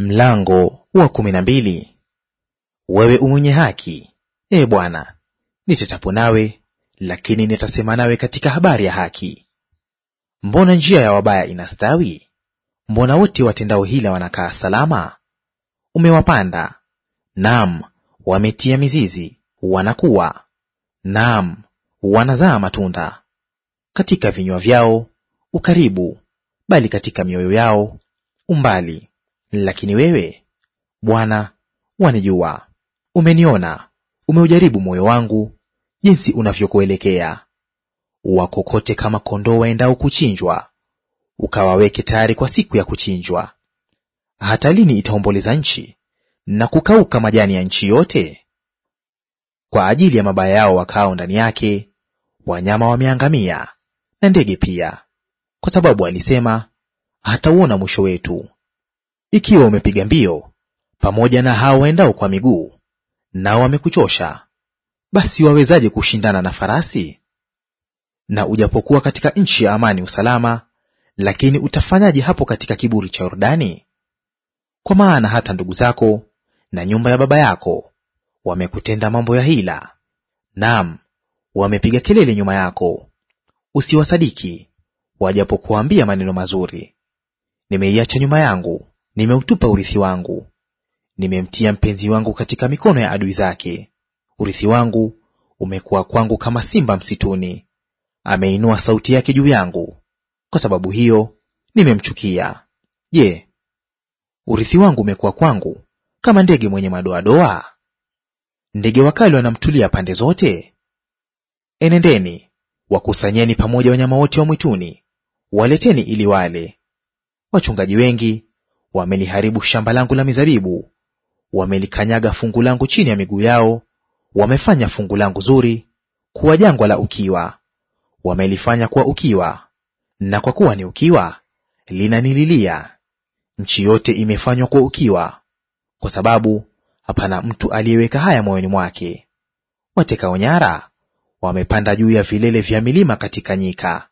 Mlango wa kumi na mbili. Wewe umwenye haki, e Bwana, nitetapo nawe, lakini nitasema nawe katika habari ya haki. Mbona njia ya wabaya inastawi? Mbona wote watendao hila wanakaa salama? Umewapanda, naam, wametia mizizi, wanakuwa, naam, wanazaa matunda. Katika vinywa vyao ukaribu, bali katika mioyo yao umbali. Lakini wewe Bwana wanijua, umeniona, umeujaribu moyo wangu, jinsi unavyokuelekea. Wakokote kama kondoo waendao kuchinjwa, ukawaweke tayari kwa siku ya kuchinjwa. Hata lini itaomboleza nchi na kukauka majani ya nchi yote? Kwa ajili ya mabaya yao wakaao ndani yake, wanyama wameangamia na ndege pia, kwa sababu alisema, hatauona mwisho wetu. Ikiwa umepiga mbio pamoja na hao waendao kwa miguu, nao wamekuchosha, basi wawezaje kushindana na farasi? Na ujapokuwa katika nchi ya amani usalama, lakini utafanyaje hapo katika kiburi cha Yordani? Kwa maana hata ndugu zako na nyumba ya baba yako wamekutenda mambo ya hila, naam, wamepiga kelele nyuma yako. Usiwasadiki wajapokuambia maneno mazuri. Nimeiacha nyuma yangu nimeutupa urithi wangu, nimemtia mpenzi wangu katika mikono ya adui zake. Urithi wangu umekuwa kwangu kama simba msituni, ameinua sauti yake juu yangu, kwa sababu hiyo nimemchukia. Je, urithi wangu umekuwa kwangu kama ndege mwenye madoadoa? Ndege wakali wanamtulia pande zote. Enendeni, wakusanyeni pamoja wanyama wote wa mwituni, waleteni ili wale. Wachungaji wengi Wameliharibu shamba langu la mizabibu, wamelikanyaga fungu langu chini ya miguu yao, wamefanya fungu langu zuri kuwa jangwa la ukiwa, wamelifanya kuwa ukiwa, na kwa kuwa ni ukiwa linanililia. Nchi yote imefanywa kuwa ukiwa, kwa sababu hapana mtu aliyeweka haya moyoni mwake. Watekao nyara wamepanda juu ya vilele vya milima katika nyika,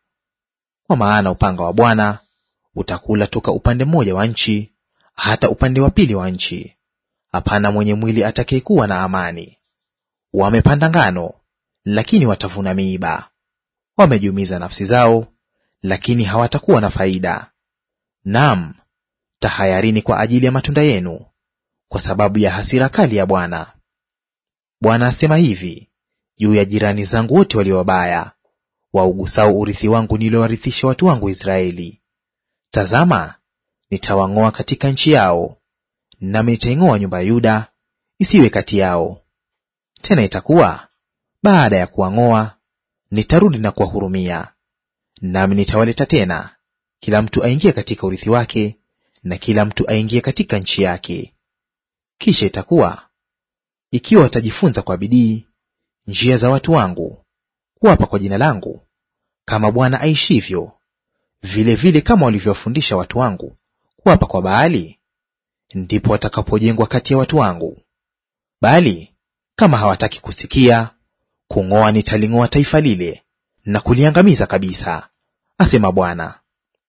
kwa maana upanga wa Bwana Utakula toka upande mmoja wa nchi hata upande wa pili wa nchi; hapana mwenye mwili atakayekuwa na amani. Wamepanda ngano, lakini watavuna miiba; wamejiumiza nafsi zao, lakini hawatakuwa na faida. Naam, tahayarini kwa ajili ya matunda yenu, kwa sababu ya hasira kali ya Bwana. Bwana asema hivi juu ya jirani zangu wote walio wabaya, waugusao urithi wangu niliowarithisha watu wangu Israeli, Tazama, nitawang'oa katika nchi yao, nami nitaing'oa nyumba ya Yuda isiwe kati yao. Tena itakuwa baada ya kuwang'oa, nitarudi na kuwahurumia, nami nitawaleta tena, kila mtu aingie katika urithi wake, na kila mtu aingie katika nchi yake. Kisha itakuwa ikiwa watajifunza kwa bidii njia za watu wangu, kuapa kwa jina langu, kama Bwana aishivyo, vile vile kama walivyowafundisha watu wangu kuapa kwa Baali, ndipo watakapojengwa kati ya watu wangu. Bali kama hawataki kusikia, kung'oa nitaling'oa taifa lile na kuliangamiza kabisa, asema Bwana.